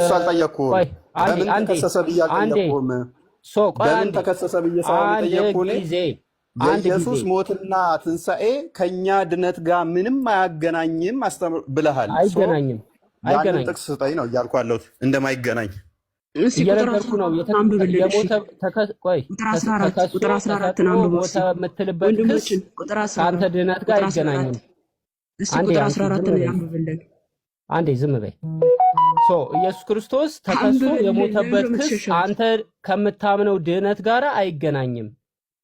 እሱ አልጠየቅኩም። በምን ተከሰሰ ብዬ ሳይሆን የጠየቅኩህ ሞትና ትንሣኤ ከእኛ ድነት ጋር ምንም አያገናኝም ብለሃል። አይገናኝም። ያንን ጥቅስ ስጠኝ ነው እያልኩ አለሁት እንደማይገናኝ እየነገርኩህ ነው። ሞተ የምትልበት ክስ ከአንተ ድነት ጋር አይገናኝም። አንዴ ዝም በይ። ኢየሱስ ክርስቶስ ተከሶ የሞተበት ክስ አንተ ከምታምነው ድህነት ጋር አይገናኝም።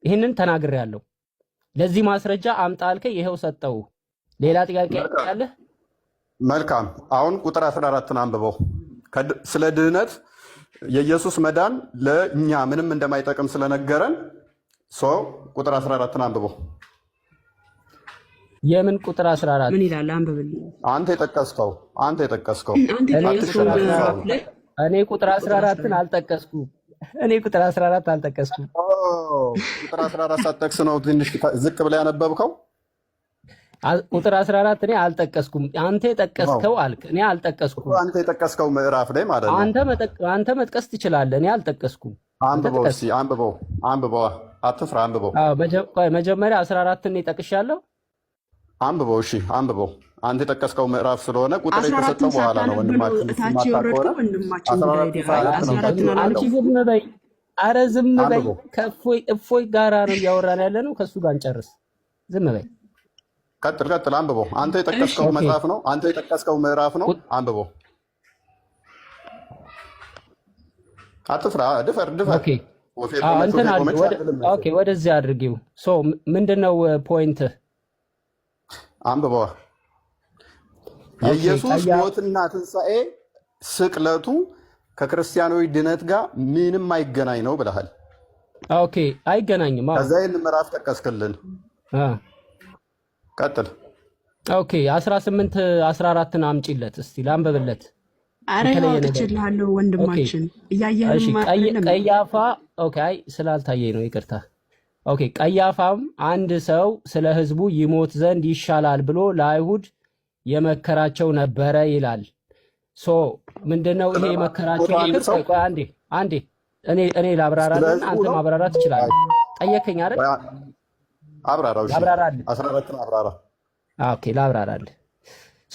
ይህንን ተናግሬያለሁ። ለዚህ ማስረጃ አምጣልከ ይሄው ይኸው ሰጠው። ሌላ ጥያቄ ያለህ? መልካም። አሁን ቁጥር 14ን አንብበው። ስለ ድህነት የኢየሱስ መዳን ለእኛ ምንም እንደማይጠቅም ስለነገረን ቁጥር 14ን አንብበው። የምን ቁጥር 14 ምን ይላል? አንብብልኝ። አንተ የጠቀስከው አንተ የጠቀስከው እኔ ቁጥር 14ን አልጠቀስኩም። እኔ ቁጥር 14 አልጠቀስኩም። ቁጥር 14 ሳትጠቅስ ነው ትንሽ ዝቅ ብላ ያነበብከው። ቁጥር 14 እኔ አልጠቀስኩም። አንተ የጠቀስከው አልክ፣ እኔ አልጠቀስኩም። አንተ የጠቀስከው ምዕራፍ ላይ ማለት ነው። አንተ አንተ መጥቀስ ትችላለህ፣ እኔ አልጠቀስኩም። አንብበው እስኪ አንብበው፣ አንብበው፣ አትፍራ፣ አንብበው። አዎ መጀመሪያ 14ን እኔ ጠቅሻለሁ። አንብበው እሺ፣ አንብበው አንተ የጠቀስከው ምዕራፍ ስለሆነ ቁጥር የተሰጠው በኋላ ነው። ወንድማችን አረ ዝም በይ። ከእፎይ እፎይ ጋራ ነው እያወራን ያለ ነው። ከእሱ ጋር እንጨርስ። ዝም በይ። ቀጥል ቀጥል፣ አንብበው። አንተ የጠቀስከው መጽሐፍ ነው። አንተ የጠቀስከው ምዕራፍ ነው። አንብበው። አትፍራ። ድፈር ድፈር። ወደዚያ አድርጊው። ምንድን ነው ፖይንትህ? አንብበዋ የኢየሱስ ሞትና ትንሣኤ ስቅለቱ ከክርስቲያናዊ ድነት ጋር ምንም አይገናኝ ነው ብለሃል። ኦኬ አይገናኝም። ከዛ ይህን ምዕራፍ ጠቀስክልን። ቀጥል። ኦኬ 18 14ን አምጪለት እስቲ ላንብብለት። አረ ወንድማችን እያየህ ቀያፋ። ስላልታየኝ ነው ይቅርታ። ኦኬ ቀያፋም አንድ ሰው ስለ ህዝቡ ይሞት ዘንድ ይሻላል ብሎ ለአይሁድ የመከራቸው ነበረ ይላል። ሶ ምንድነው ይሄ የመከራቸው? አንዴ አንዴ እኔ እኔ ላብራራልን፣ አንተ ማብራራት ትችላለህ። ጠየከኝ አይደል? አብራራው። እሺ አብራራ። ኦኬ ላብራራልህ።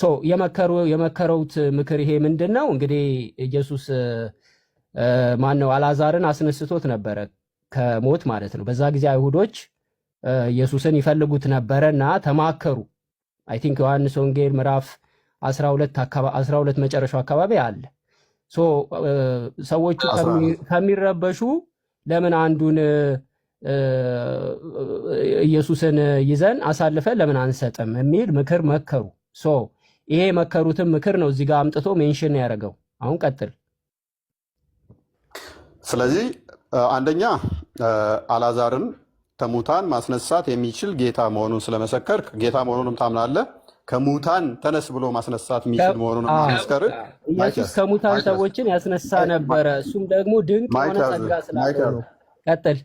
ሶ የመከሩ የመከረውት ምክር ይሄ ምንድነው? እንግዲህ ኢየሱስ ማን ነው አልዓዛርን አስነስቶት ነበረ ከሞት ማለት ነው። በዛ ጊዜ አይሁዶች ኢየሱስን ይፈልጉት ነበረ ተማከሩ። አይ ቲንክ ዮሐንስ ወንጌል ምዕራፍ 12 መጨረሻው አካባቢ አለ። ሰዎቹ ከሚረበሹ ለምን አንዱን ኢየሱስን ይዘን አሳልፈን ለምን አንሰጥም የሚል ምክር መከሩ። ይሄ መከሩትን ምክር ነው እዚህ ጋር አምጥቶ ሜንሽን ያደረገው። አሁን ቀጥል። ስለዚህ አንደኛ አላዛርን ከሙታን ማስነሳት የሚችል ጌታ መሆኑን ስለመሰከር ጌታ መሆኑንም ታምናለህ። ከሙታን ተነስ ብሎ ማስነሳት የሚችል መሆኑንም ማመስከር ኢየሱስ ከሙታን ሰዎችን ያስነሳ ነበረ። እሱም ደግሞ ድንቅ የሆነ ጸጋ ስላለው ቀጥል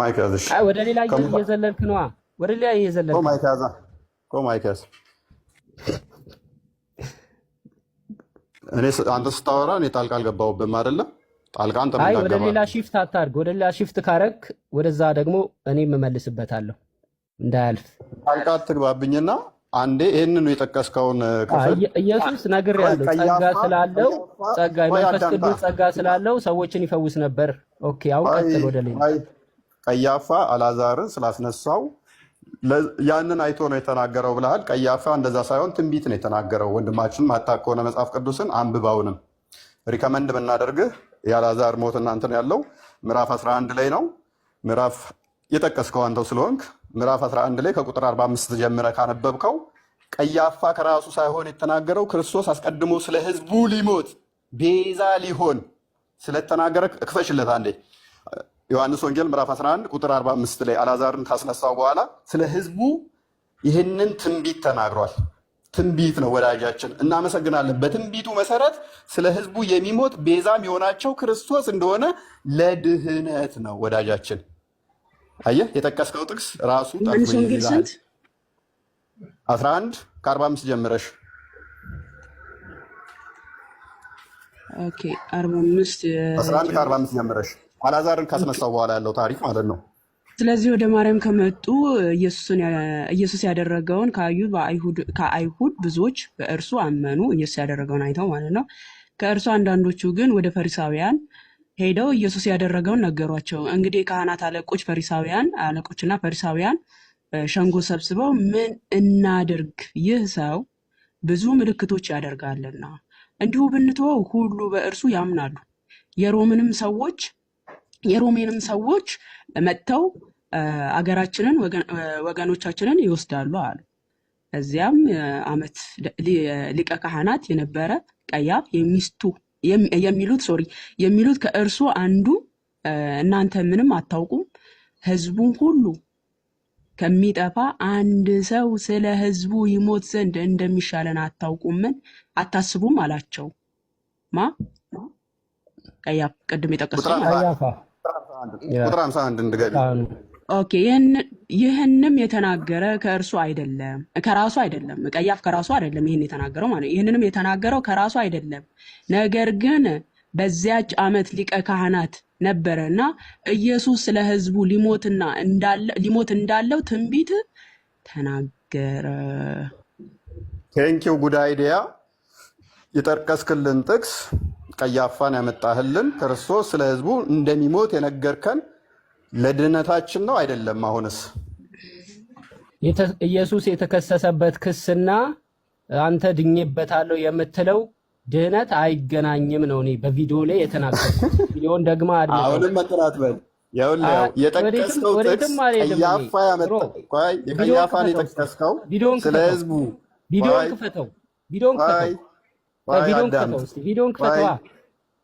ማይከዝ። ወደ ሌላ እየዘለልክ ነዋ። ወደ ሌላ እየዘለልክ እኔ አንተ ስታወራ እኔ ጣልቃ አልገባሁብህም አይደለም ጣልቃን ወደ ሌላ ሺፍት አታርግ። ወደ ሌላ ሺፍት ካረክ ወደዛ ደግሞ እኔ እመልስበታለሁ እንዳያልፍ። ጣልቃ አትግባብኝና አንዴ ይህንን የጠቀስከውን ክፍል ኢየሱስ ነግሬያለሁ። ጸጋ ስላለው ጸጋ የመንፈስ ቅዱስ ጸጋ ስላለው ሰዎችን ይፈውስ ነበር። ኦኬ፣ አሁን ቀጥል ወደ ሌላ። ቀያፋ አላዛርን ስላስነሳው ያንን አይቶ ነው የተናገረው ብለሃል። ቀያፋ እንደዛ ሳይሆን ትንቢት ነው የተናገረው። ወንድማችን ማታ ከሆነ መጽሐፍ ቅዱስን አንብባውንም ሪከመንድ ብናደርግህ የአላዛር ሞት እናንተን ያለው ምዕራፍ 11 ላይ ነው። ምዕራፍ የጠቀስከው አንተው ስለሆንክ ምዕራፍ 11 ላይ ከቁጥር 45 ጀምረ ካነበብከው ቀያፋ ከራሱ ሳይሆን የተናገረው ክርስቶስ አስቀድሞ ስለ ህዝቡ ሊሞት ቤዛ ሊሆን ስለተናገረ ክፈሽለት አንዴ ዮሐንስ ወንጌል ምዕራፍ 11 ቁጥር 45 ላይ አልዓዛርን ካስነሳው በኋላ ስለ ህዝቡ ይህንን ትንቢት ተናግሯል። ትንቢት ነው ወዳጃችን፣ እናመሰግናለን። በትንቢቱ መሰረት ስለ ህዝቡ የሚሞት ቤዛም የሆናቸው ክርስቶስ እንደሆነ ለድህነት ነው ወዳጃችን። አየህ የጠቀስከው ጥቅስ ራሱ አስራ አንድ ጀምረሽ አስራ አንድ ጀምረሽ አላዛርን ካስነሳው በኋላ ያለው ታሪክ ማለት ነው። ስለዚህ ወደ ማርያም ከመጡ ኢየሱስ ያደረገውን ካዩ ከአይሁድ ብዙዎች በእርሱ አመኑ። ኢየሱስ ያደረገውን አይተው ማለት ነው። ከእርሱ አንዳንዶቹ ግን ወደ ፈሪሳውያን ሄደው ኢየሱስ ያደረገውን ነገሯቸው። እንግዲህ የካህናት አለቆች ፈሪሳውያን አለቆችና ፈሪሳውያን ሸንጎ ሰብስበው ምን እናድርግ? ይህ ሰው ብዙ ምልክቶች ያደርጋልና እንዲሁ ብንተወው ሁሉ በእርሱ ያምናሉ። የሮምንም ሰዎች የሮሜንም ሰዎች መጥተው አገራችንን ወገኖቻችንን ይወስዳሉ አሉ። እዚያም አመት ሊቀ ካህናት የነበረ ቀያፍ የሚስቱ የሚሉት ሶሪ የሚሉት ከእርሱ አንዱ እናንተ ምንም አታውቁም፣ ህዝቡን ሁሉ ከሚጠፋ አንድ ሰው ስለ ህዝቡ ይሞት ዘንድ እንደሚሻለን አታውቁምን አታስቡም አላቸው። ማ ቀያፍ ቅድም የጠቀሱ ቁጥር አንድ እንድገቢ ኦኬ ይህንም የተናገረ ከእርሱ አይደለም ከራሱ አይደለም። ቀያፍ ከራሱ አይደለም ይህን የተናገረው ማለት ይህንንም የተናገረው ከራሱ አይደለም። ነገር ግን በዚያች ዓመት ሊቀ ካህናት ነበረ እና ኢየሱስ ስለ ህዝቡ ሊሞትና ሊሞት እንዳለው ትንቢት ተናገረ። ቴንኪው ጉድ አይዲያ። የጠርቀስክልን ጥቅስ ቀያፋን ያመጣህልን ክርስቶስ ስለ ህዝቡ እንደሚሞት የነገርከን ለድህነታችን ነው አይደለም? አሁንስ ኢየሱስ የተከሰሰበት ክስና አንተ ድኜበታለሁ የምትለው ድህነት አይገናኝም ነው። እኔ በቪዲዮ ላይ የተናገርኩት ቪዲዮን ደግማ አለ። አሁንም መጥራት በል ይኸውልህ፣ የጠቀስከው ጥቅስ ቀያፋ ያመጣው የቀያፋን የጠቀስከው ስለ ህዝቡ ቪዲዮን ክፈተው፣ ቪዲዮን ክፈተው፣ ቪዲዮን ክፈተው፣ ቪዲዮን ክፈተዋ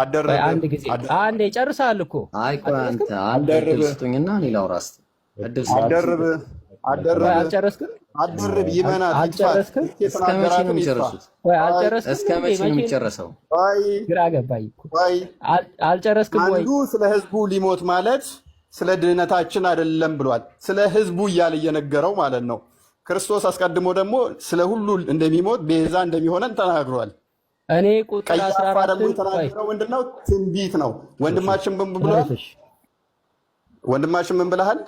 አንድ ጊዜ አንዴ እኮ አደርብ ይመናል። አልጨረስክም? እስከ መቼ ነው የሚጨርሱት? እስከ መቼ ነው የሚጨረሰው? ግራ ገባኝ። አልጨረስክም ወይ? አንዱ ስለ ህዝቡ ሊሞት ማለት ስለ ድህነታችን አይደለም ብሏል። ስለ ህዝቡ እያለ እየነገረው ማለት ነው። ክርስቶስ አስቀድሞ ደግሞ ስለ ሁሉ እንደሚሞት ቤዛ እንደሚሆነን ተናግሯል። እኔ ቁጥር 14 ደግሞ የተናገረው ምንድነው? ትንቢት ነው። ወንድማችን ምን ብሏል? ወንድማችን ምን ብለሃል?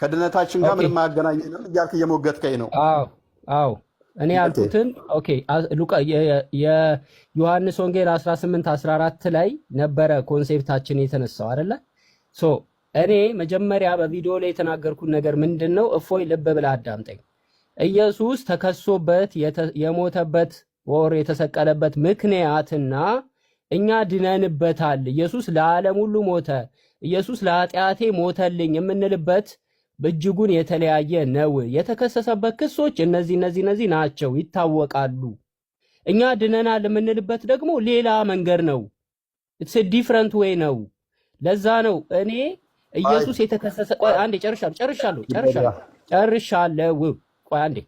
ከድነታችን ጋር ምንም አያገናኘንም እያልክ እየሞገትከኝ ነው። አዎ አዎ፣ እኔ ያልኩትን ኦኬ። ሉቃ የዮሐንስ ወንጌል 18 14 ላይ ነበረ ኮንሴፕታችን የተነሳው አይደለ? ሶ እኔ መጀመሪያ በቪዲዮ ላይ የተናገርኩት ነገር ምንድነው? እፎይ ልብ ብለህ አዳምጠኝ። ኢየሱስ ተከሶበት የሞተበት ወር የተሰቀለበት ምክንያትና እኛ ድነንበታል፣ ኢየሱስ ለዓለም ሁሉ ሞተ፣ ኢየሱስ ለኃጢአቴ ሞተልኝ የምንልበት እጅጉን የተለያየ ነው። የተከሰሰበት ክሶች እነዚህ እነዚህ እነዚህ ናቸው፣ ይታወቃሉ። እኛ ድነናል የምንልበት ደግሞ ሌላ መንገድ ነው። ኢትስ ዲፍረንት ዌይ ነው። ለዛ ነው እኔ ኢየሱስ የተከሰሰ ቆይ አንዴ ጨርሻለሁ ጨርሻለሁ ጨርሻለሁ ጨርሻለሁ ቆይ አንዴ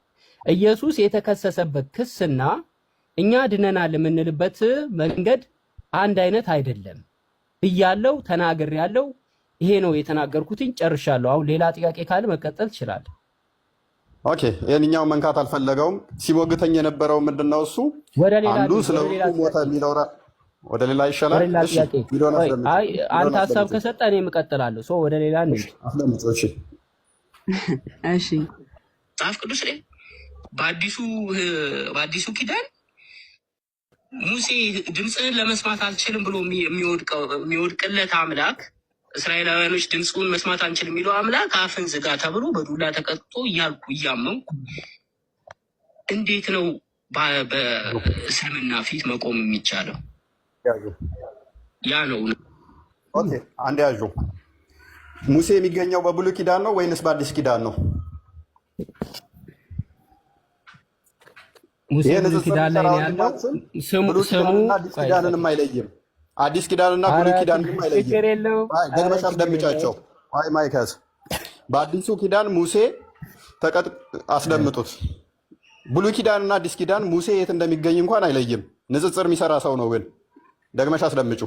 ኢየሱስ የተከሰሰበት ክስና እኛ ድነናል የምንልበት መንገድ አንድ አይነት አይደለም ብያለው፣ ተናገር ያለው ይሄ ነው የተናገርኩትኝ። ጨርሻለሁ። አሁን ሌላ ጥያቄ ካለ መቀጠል ትችላለህ። ኦኬ፣ የኛው መንካት አልፈለገውም። ሲሞግተኝ የነበረው ምንድን ነው? እሱ አንዱ ስለ ሞተ የሚለው ወደ ሌላ ይሻላል። አንተ ሀሳብ ከሰጠ እኔ እቀጥላለሁ። ሰው ወደ ሌላ እሺ። መጽሐፍ ቅዱስ ላይ በአዲሱ ኪዳን ሙሴ ድምፅህን ለመስማት አልችልም ብሎ የሚወድቅለት አምላክ እስራኤላውያኖች ድምፁን መስማት አንችል የሚለው አምላክ አፍን ዝጋ ተብሎ በዱላ ተቀጥቶ እያልኩ እያመንኩ እንዴት ነው በእስልምና ፊት መቆም የሚቻለው? ያ ነው። አንድ ያዥ ሙሴ የሚገኘው በብሉይ ኪዳን ነው ወይንስ በአዲስ ኪዳን ነው? ሙስሊም ኪዳን ላይ ያለው። ስሙ አዲስ ኪዳንንም አይለይም። አዲስ ኪዳንና ብሉይ ኪዳንንም አይለይም። ደግመሽ አስደምጫቸው። አይ ማይከስ በአዲሱ ኪዳን ሙሴ ተቀጥ አስደምጡት። ብሉይ ኪዳንና አዲስ ኪዳን ሙሴ የት እንደሚገኝ እንኳን አይለይም። ንጽጽር የሚሰራ ሰው ነው። ግን ደግመሽ አስደምጩ።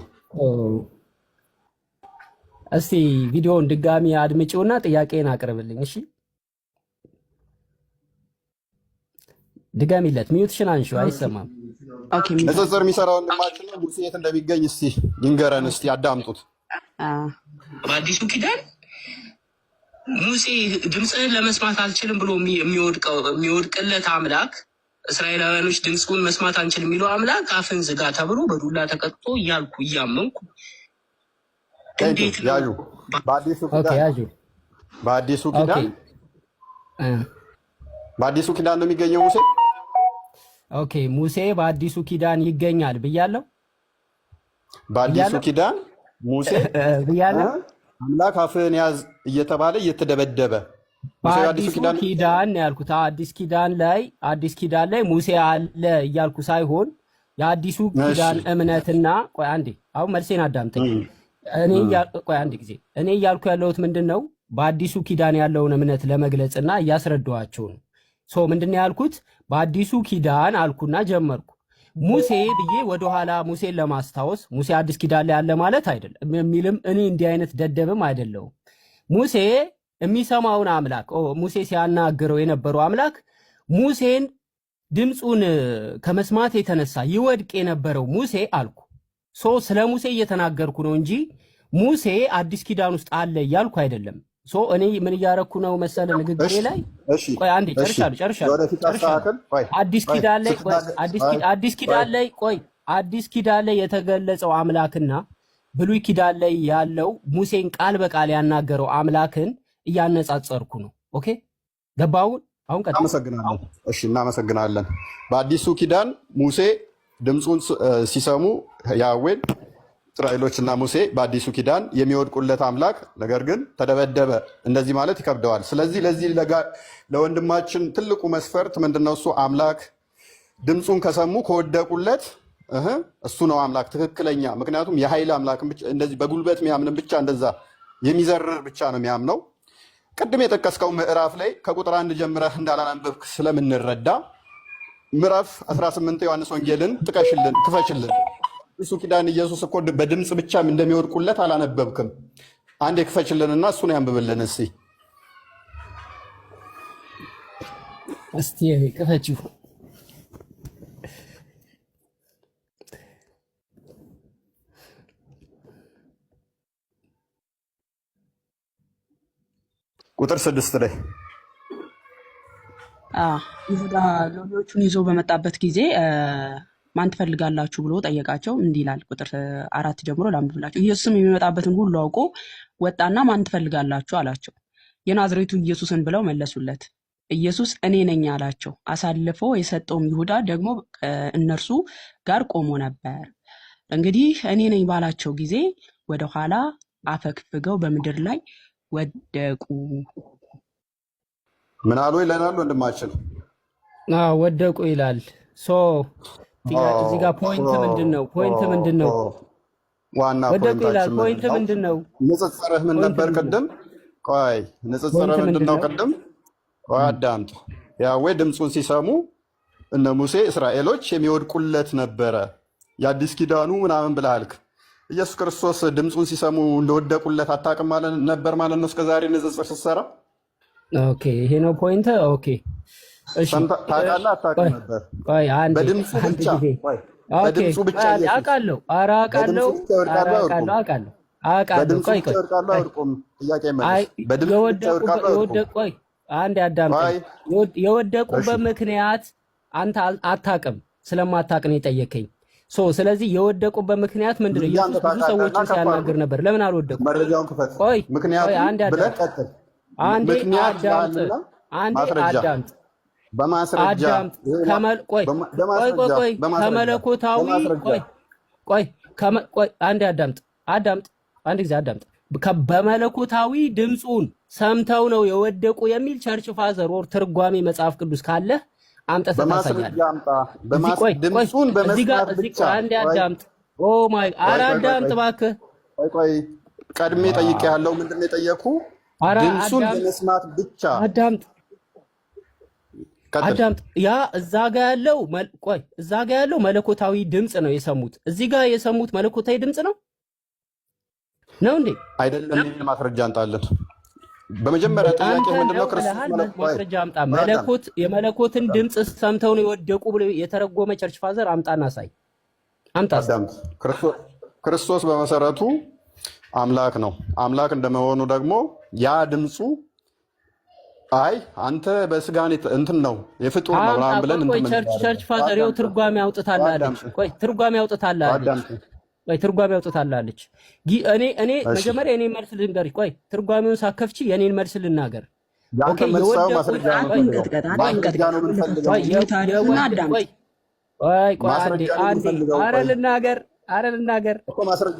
እስቲ ቪዲዮውን ድጋሚ አድምጪውና ጥያቄን አቅርብልኝ። እሺ ድገሚለት። ሚዩትሽን አንሺው፣ አይሰማም። ንጽጽር የሚሰራ ወንድማችን ነው። ሙሴ የት እንደሚገኝ እስቲ ይንገረን። እስቲ አዳምጡት። በአዲሱ ኪዳን ሙሴ ድምፅህን ለመስማት አልችልም ብሎ የሚወድቅለት አምላክ እስራኤላውያኖች ድምፁን መስማት አንችልም የሚለው አምላክ አፍን ዝጋ ተብሎ በዱላ ተቀጥቶ እያልኩ እያመንኩ በአዲሱ ኪዳን በአዲሱ ኪዳን ነው የሚገኘው ሙሴ ኦኬ ሙሴ በአዲሱ ኪዳን ይገኛል ብያለሁ። በአዲሱ ኪዳን ሙሴ ብያለሁ። አምላክ አፍህን ያዝ እየተባለ እየተደበደበ በአዲሱ ኪዳን ያልኩት አዲስ ኪዳን ላይ አዲስ ኪዳን ላይ ሙሴ አለ እያልኩ ሳይሆን የአዲሱ ኪዳን እምነትና ቆይ አንዴ፣ አሁን መልሴን አዳምጠኝ። እኔ ቆይ አንድ ጊዜ እኔ እያልኩ ያለሁት ምንድን ነው፣ በአዲሱ ኪዳን ያለውን እምነት ለመግለጽና እያስረዳኋቸው ነው ሶ ምንድን ነው ያልኩት? በአዲሱ ኪዳን አልኩና ጀመርኩ። ሙሴ ብዬ ወደኋላ ሙሴን ለማስታወስ ሙሴ አዲስ ኪዳን ላይ ያለ ማለት አይደለም የሚልም እኔ እንዲህ አይነት ደደብም አይደለውም። ሙሴ የሚሰማውን አምላክ ሙሴ ሲያናግረው የነበረው አምላክ ሙሴን ድምፁን ከመስማት የተነሳ ይወድቅ የነበረው ሙሴ አልኩ። ሶ ስለ ሙሴ እየተናገርኩ ነው እንጂ ሙሴ አዲስ ኪዳን ውስጥ አለ እያልኩ አይደለም። ሶ እኔ ምን እያረኩ ነው መሰለ ንግግሬ ላይ ቆይ አንዴ ጨርሻለሁ ጨርሻለሁ አዲስ ኪዳን ላይ ቆይ አዲስ ኪዳን ላይ የተገለጸው አምላክና ብሉይ ኪዳን ላይ ያለው ሙሴን ቃል በቃል ያናገረው አምላክን እያነጻጸርኩ ነው ኦኬ ገባውን አሁን ቀጥታ አመሰግናለሁ እሺ እናመሰግናለን በአዲሱ ኪዳን ሙሴ ድምፁን ሲሰሙ ያዌን እና ሙሴ በአዲሱ ኪዳን የሚወድቁለት አምላክ ነገር ግን ተደበደበ። እንደዚህ ማለት ይከብደዋል። ስለዚህ ለዚህ ለወንድማችን ትልቁ መስፈርት ምንድነው? እሱ አምላክ ድምፁን ከሰሙ ከወደቁለት እሱ ነው አምላክ ትክክለኛ። ምክንያቱም የኃይል አምላክ እንደዚህ በጉልበት የሚያምን ብቻ እንደዛ የሚዘርር ብቻ ነው የሚያምነው። ቅድም የጠቀስከው ምዕራፍ ላይ ከቁጥር አንድ ጀምረህ እንዳላነበብክ ስለምንረዳ ምዕራፍ 18 ዮሐንስ ወንጌልን ጥቀሽልን፣ ክፈችልን። እሱ ኪዳን ኢየሱስ እኮ በድምፅ ብቻ እንደሚወድቁለት አላነበብክም። አንድ የክፈችልንና እሱን ያንብብልን እስኪ። እስቲ ክፈችው። ቁጥር ስድስት ላይ ይሁዳ ሎሌዎቹን ይዞ በመጣበት ጊዜ ማን ትፈልጋላችሁ ብሎ ጠየቃቸው። እንዲህ ይላል ቁጥር አራት ጀምሮ ላንብብላችሁ። ኢየሱስም የሚመጣበትን ሁሉ አውቆ ወጣና ማን ትፈልጋላችሁ አላቸው። የናዝሬቱ ኢየሱስን ብለው መለሱለት። ኢየሱስ እኔ ነኝ አላቸው። አሳልፎ የሰጠውም ይሁዳ ደግሞ እነርሱ ጋር ቆሞ ነበር። እንግዲህ እኔ ነኝ ባላቸው ጊዜ ወደኋላ አፈግፍገው በምድር ላይ ወደቁ። ምን አሉ ይለናል ወንድማችን፣ ወደቁ ይላል። ጥያቄ እዚህ ጋር ፖይንት ምንድን ነው? ፖይንት ምንድን ነው? ዋና ፖይንት ምንድን ነው? ንጽጽርህ ምን ነበር ቅድም? ቆይ ንጽጽርህ ምንድን ነው ቅድም? ቆይ አዳምጥ። ወይ ድምፁን ሲሰሙ እነ ሙሴ እስራኤሎች የሚወድቁለት ነበረ። የአዲስ ኪዳኑ ምናምን ብለህ ኢየሱስ ክርስቶስ ድምፁን ሲሰሙ እንደወደቁለት አታውቅም ነበር ማለት ነው። እስከዛሬ ንጽጽር ስትሰራ ይሄ ነው ፖይንት። ኦኬ የወደቁ በምክንያት ምክንያት አንተ አታውቅም ስለማታውቅ ነው የጠየከኝ። ስለዚህ የወደቁበት ምክንያት ምንድን ነው? ኢየሱስ ብዙ ሰዎችን ሲያናግር ነበር። ለምን አልወደቁም? አዳምጥ፣ አንዴ አዳምጥ በማስረጃ ከመለኮታዊ አንድ አዳምጥ አዳምጥ አንድ ጊዜ አዳምጥ። በመለኮታዊ ድምፁን ሰምተው ነው የወደቁ የሚል ቸርች ፋዘር ወር ትርጓሜ መጽሐፍ ቅዱስ ካለ አምጠ ተታሳያለህ። አንድ አዳምጥ። ኦ ማይ አዳምጥ እባክህ። ቆይ ቀድሜ ጠይቄ ያለው ምንድን ነው የጠየኩህ? ድምፁን በመስማት ብቻ አዳምጥ አዳምጥ። ያ እዛ ጋ ያለው ቆይ፣ እዛ ጋ ያለው መለኮታዊ ድምፅ ነው የሰሙት። እዚህ ጋ የሰሙት መለኮታዊ ድምፅ ነው ነው እንዴ? አይደለም። ይህን ማስረጃ አንጣለን። በመጀመሪያ ጥያቄ ምንድነው? ክርስቶስ ማስረጃ አምጣ። መለኮት የመለኮትን ድምፅ ሰምተው ነው የወደቁ ብሎ የተረጎመ ቸርች ፋዘር አምጣና ሳይ አምጣ። ክርስቶስ በመሰረቱ አምላክ ነው። አምላክ እንደመሆኑ ደግሞ ያ ድምፁ አይ አንተ በስጋ እንትን ነው የፍጡር ነው ምናምን ብለን ቸርች ፋዘር ይኸው ትርጓሜ አውጥታላለች። ቆይ ትርጓሜ አውጥታላለች። ቆይ ትርጓሜ አውጥታላለች። እኔ እኔ መጀመሪያ የኔን መልስ ልንገር። ቆይ ትርጓሜውን ሳከፍች የኔን መልስ ልናገር። ቆይ ልናገር አረ ልናገር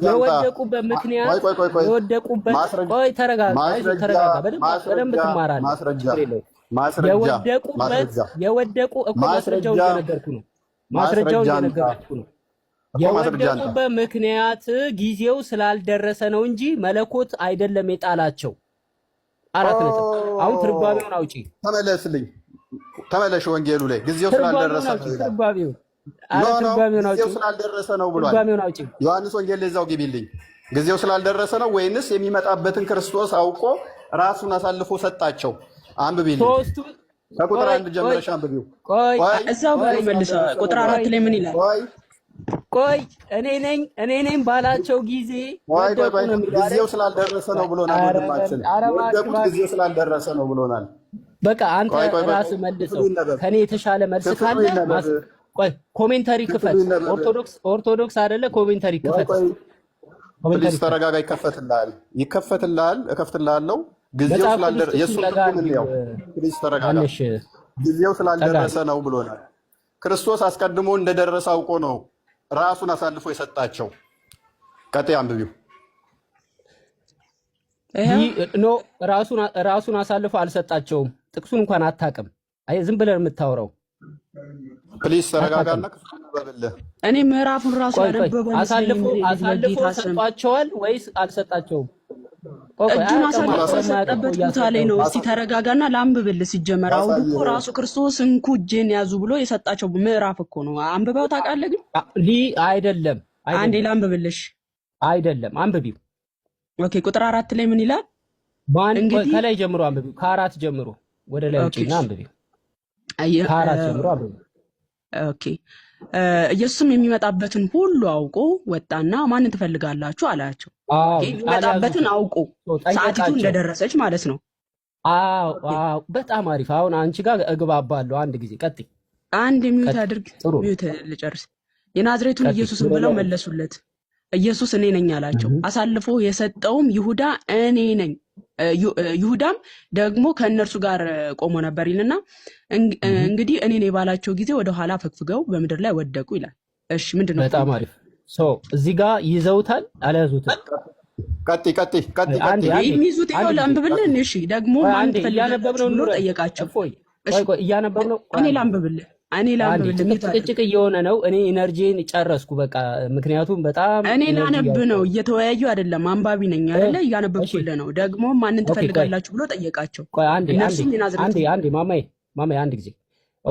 የወደቁበት ምክንያት የወደቁበት ቆይ ተረጋጋ ተረጋጋ የወደቁበት እኮ ማስረጃው እየነገርኩ ነው ማስረጃው እየነገርኩ ነው ምክንያት ጊዜው ስላልደረሰ ነው እንጂ መለኮት አይደለም የጣላቸው አራት ነጥብ አሁን ትርጓሜውን አውጪ ተመለስልኝ ተመለሽ ወንጌሉ ላይ ጊዜው ስላልደረሰ ጊዜው ስላልደረሰ ነው ብሏል። ዮሐንስ ወንጌል ለዛው ግቢልኝ። ጊዜው ስላልደረሰ ነው ወይንስ የሚመጣበትን ክርስቶስ አውቆ ራሱን አሳልፎ ሰጣቸው? አንብቢልኝ። ከቁጥር አንድ ጀምረሽ አንብቢው። እዛው ጋር ይመልሰዋል። ቁጥር አራት ላይ ምን ይላል? ቆይ እኔ ነኝ እኔ ነኝ ባላቸው ጊዜ ጊዜው ስላልደረሰ ነው ብሎናል። ወንድማችን ወደቁት፣ ጊዜው ስላልደረሰ ነው ብሎናል። በቃ አንተ ራስህ መልሰው። ከእኔ የተሻለ መልስ ካለ ቆይ ኮሜንተሪ ክፈት። ኦርቶዶክስ ኦርቶዶክስ አይደለ? ኮሜንተሪ ክፈት። ፕሊዝ ተረጋጋ። ይከፈትልሃል፣ ይከፈትልሃል፣ እከፍትልሃለሁ። ጊዜው ስላልደረሰ የሱ ትርጉም እንየው። ፕሊዝ ተረጋጋ። ጊዜው ስላልደረሰ ነው ብሎናል። ክርስቶስ አስቀድሞ እንደደረሰ አውቆ ነው ራሱን አሳልፎ የሰጣቸው። ቀጤ አንብቢው ኖ ራሱን አሳልፎ አልሰጣቸውም። ጥቅሱን እንኳን አታውቅም። አይ ዝም ብለን የምታወራው ፕሊዝ ተረጋጋና ክፍል በብልህ እኔ ምዕራፉን ራሱ ያነበበ አሳልፎ ሰጧቸዋል ወይስ አልሰጣቸውም? እጁን አሳልፎበት ቦታ ላይ ነው። እስቲ ተረጋጋና ላንብብልህ። ሲጀመር አውዱ እኮ ራሱ ክርስቶስ እንኩ እጄን ያዙ ብሎ የሰጣቸው ምዕራፍ እኮ ነው። አንብበው ታውቃለህ? ግን ሊ አይደለም። አንዴ ላንብብልሽ። አይደለም አንብቢው። ኦኬ፣ ቁጥር አራት ላይ ምን ይላል? ከላይ ጀምሮ አንብቢው። ከአራት ጀምሮ ወደ ላይ አንብቢው። ከአራት ጀምሮ አንብቢው ኦኬ ኢየሱስም የሚመጣበትን ሁሉ አውቆ ወጣና ማንን ትፈልጋላችሁ አላቸው። የሚመጣበትን አውቆ ሰዓቲቱ እንደደረሰች ማለት ነው። በጣም አሪፍ። አሁን አንቺ ጋር እግባባለሁ። አንድ ጊዜ ቀጥይ። አንድ ሚዩት አድርግ፣ ሚዩት ልጨርስ። የናዝሬቱን ኢየሱስን ብለው መለሱለት። ኢየሱስ እኔ ነኝ አላቸው። አሳልፎ የሰጠውም ይሁዳ እኔ ነኝ ይሁዳም ደግሞ ከእነርሱ ጋር ቆሞ ነበር ይልና እንግዲህ እኔን የባላቸው ጊዜ ወደኋላ ፈግፍገው በምድር ላይ ወደቁ ይላል። እሺ ምንድን ነው? በጣም አሪፍ እዚህ ጋር ይዘውታል፣ አልያዙትም? የሚይዙት ይኸው ለአንብብልን። እሺ ደግሞ ማን ትፈልጋላችሁ ብሎ ጠየቃቸው። እኔ ላንብብልን እኔ ላንብብልህ። ጭቅጭቅ እየሆነ ነው። እኔ ኤነርጂን ጨረስኩ በቃ። ምክንያቱም በጣም እኔ ላነብ ነው። እየተወያዩ አይደለም። አንባቢ ነኝ አለ እያነበብኩልህ ነው። ደግሞ ማንን ትፈልጋላችሁ ብሎ ጠየቃቸው። ማማዬ ማማዬ፣ አንድ ጊዜ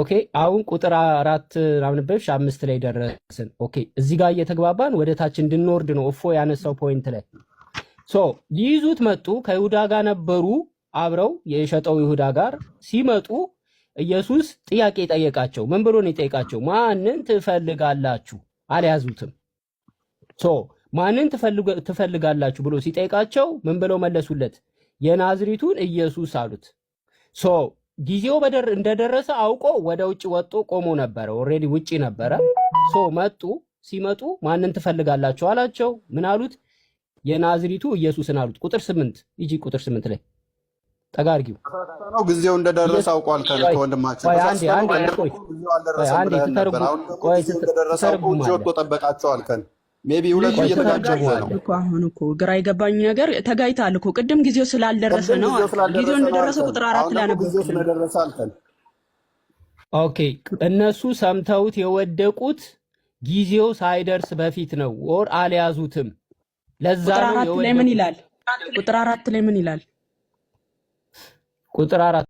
ኦኬ። አሁን ቁጥር አራት ናምንበብሽ አምስት ላይ ደረስን። ኦኬ፣ እዚህ ጋር እየተግባባን ወደ ታች እንድንወርድ ነው። እፎ ያነሳው ፖይንት ላይ ሶ ይይዙት መጡ። ከይሁዳ ጋር ነበሩ አብረው የሸጠው ይሁዳ ጋር ሲመጡ ኢየሱስ ጥያቄ ጠየቃቸው። ምን ብሎ ነው የጠየቃቸው? ማንን ትፈልጋላችሁ? አልያዙትም። ሶ ማንን ትፈልጋላችሁ ብሎ ሲጠይቃቸው ምን ብለው መለሱለት? የናዝሪቱን ኢየሱስ አሉት። ሶ ጊዜው በደር እንደደረሰ አውቆ ወደ ውጭ ወጦ ቆሞ ነበረ። ኦልሬዲ ውጭ ነበረ። ሶ መጡ። ሲመጡ ማንን ትፈልጋላችሁ አላቸው። ምን አሉት? የናዝሪቱ ኢየሱስን አሉት። ቁጥር ስምንት ይጂ ቁጥር ስምንት ላይ ጠጋርጊው ነው። ጊዜው እንደደረሰ አውቋል። ከወንድማችን ጠበቃቸዋል። ሁለቱ እየተጋጨቡ ነው እኮ ግራ የገባኝ ነገር ተጋይታል እኮ ቅድም ጊዜው ስላልደረሰ ነው። ጊዜው እንደደረሰ ቁጥር አራት ላይ ነበር ኦኬ እነሱ ሰምተውት የወደቁት ጊዜው ሳይደርስ በፊት ነው፣ ወር አልያዙትም። ለዛ ነው ምን ይላል ቁጥር አራት ላይ ምን ይላል? કૂતરા